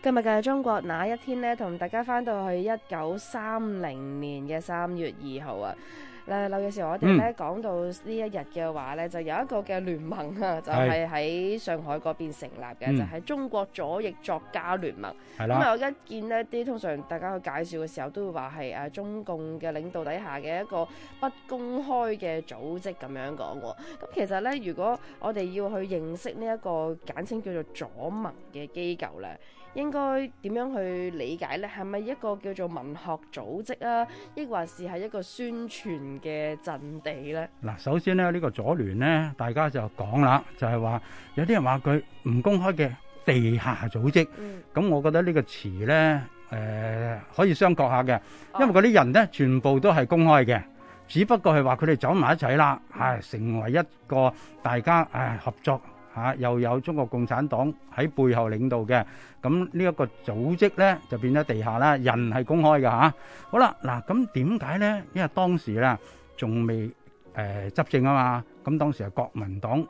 今日嘅《中國那一天》咧，同大家翻到去一九三零年嘅三月二號啊！誒，劉女士，我哋咧講到呢一日嘅話咧，就有一個嘅聯盟啊，就係喺上海嗰邊成立嘅，就係中國左翼作家聯盟。係啦。咁啊，我一見呢啲通常大家去介紹嘅時候都會話係誒中共嘅領導底下嘅一個不公開嘅組織咁樣講喎。咁其實咧，如果我哋要去認識呢一個簡稱叫做左盟嘅機構咧，應該點樣去理解呢？係咪一個叫做文學組織啊，抑或是係一個宣傳嘅陣地呢？嗱，首先呢呢個左聯呢，大家就講啦，就係話有啲人話佢唔公開嘅地下組織。咁我覺得呢個詞呢，誒可以商榷下嘅，因為嗰啲人呢全部都係公開嘅，只不過係話佢哋走埋一齊啦，係成為一個大家誒合作。啊，又有中國共產黨喺背後領導嘅，咁呢一個組織呢就變咗地下啦。人係公開㗎吓。好啦，嗱咁點解呢？因為當時呢仲未誒執政啊嘛，咁當時係國民黨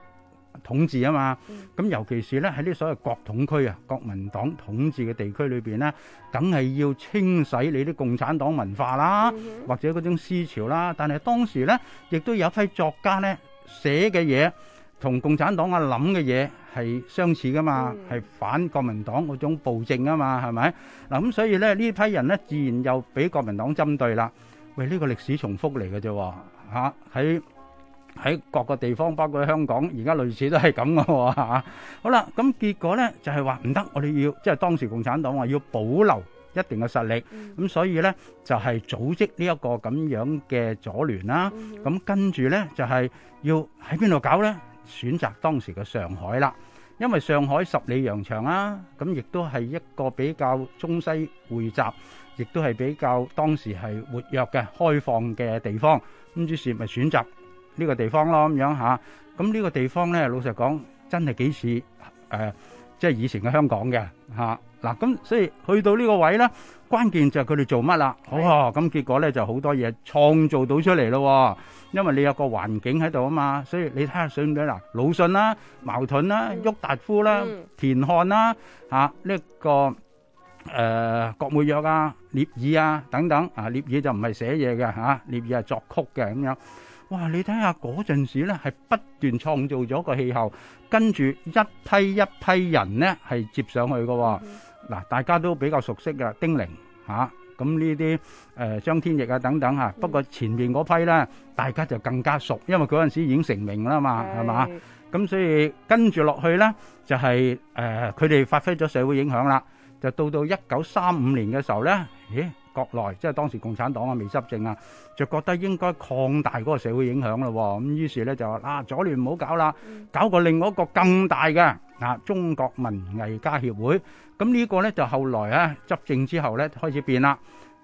統治啊嘛。咁尤其是呢喺啲所謂國統區啊，國民黨統治嘅地區裏邊呢，梗係要清洗你啲共產黨文化啦，或者嗰種思潮啦。但係當時呢，亦都有一批作家呢寫嘅嘢。同共產黨啊諗嘅嘢係相似噶嘛，係反國民黨嗰種暴政啊嘛，係咪？嗱咁所以咧，呢批人咧自然又俾國民黨針對啦。喂，呢個歷史重複嚟嘅啫，嚇，喺喺各個地方，包括香港，而家類似都係咁嘅嚇。好啦，咁結果咧就係話唔得，我哋要即係當時共產黨話要保留一定嘅實力，咁所以咧就係組織呢一個咁樣嘅左聯啦。咁跟住咧就係要喺邊度搞咧？選擇當時嘅上海啦，因為上海十里洋場啊，咁亦都係一個比較中西匯集，亦都係比較當時係活躍嘅開放嘅地方，咁於是咪選擇呢個地方咯，咁樣嚇。咁呢個地方咧，老實講真係幾似誒、呃，即係以前嘅香港嘅嚇。嗱、啊、咁，所以去到呢個位咧。關鍵就係佢哋做乜啦？哦，咁結果咧就好多嘢創造到出嚟咯。因為你有個環境喺度啊嘛，所以你睇下，想唔想嗱？魯迅啦，茅盾啦，郁達夫啦，田漢啦，啊呢一個誒郭沫若啊，聶耳啊等等啊，聶耳就唔係寫嘢嘅吓，聶耳係作曲嘅咁樣。哇！你睇下嗰陣時咧，係不斷創造咗個氣候，跟住一批一批人咧係接上去噶。嗱，大家都比較熟悉嘅丁玲嚇，咁呢啲誒張天翼啊等等嚇，不過前面嗰批咧，大家就更加熟，因為嗰陣時已經成名啦嘛，係嘛？咁所以跟住落去咧，就係誒佢哋發揮咗社會影響啦，就到到一九三五年嘅時候咧，咦？國內即係當時共產黨啊，未執政啊，就覺得應該擴大嗰個社會影響咯。咁於是咧就話啊，左聯唔好搞啦，搞個另外一個更大嘅啊，中國文藝家協會。咁呢個咧就後來啊執政之後咧開始變啦。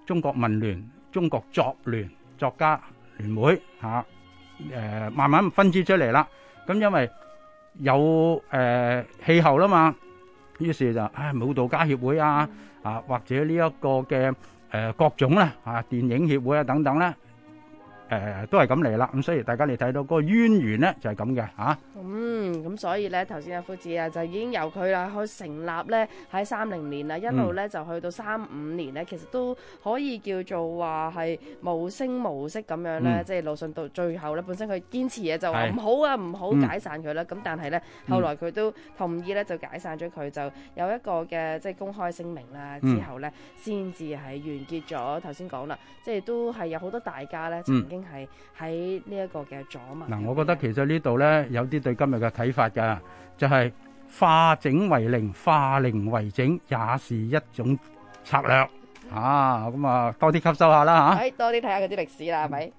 中國文聯、中國作聯作家聯會嚇誒，慢慢分支出嚟啦。咁因為有誒氣候啦嘛，於是就唉舞蹈家協會啊啊，或者呢一個嘅。誒各種啦，嚇電影協會啊等等咧。誒都係咁嚟啦，咁所以大家你睇到嗰個淵源咧就係咁嘅嚇。嗯，咁所以咧頭先阿夫子啊就已經由佢啦去成立咧喺三零年啊一路咧就去到三五年咧，其實都可以叫做話係無聲無息咁樣咧，即係魯迅到最後咧，本身佢堅持嘢就話唔好啊唔好解散佢啦。咁但係咧後來佢都同意咧就解散咗佢，就有一個嘅即係公開聲明啦。之後咧先至係完結咗。頭先講啦，即係都係有好多大家咧曾經。係喺呢一個嘅左聯嘛。嗱，我覺得其實呢度咧有啲對今日嘅睇法噶，就係化整為零，化零為整，也是一種策略。吓，咁啊多啲吸收下啦吓。誒，多啲睇下嗰啲歷史啦，係咪？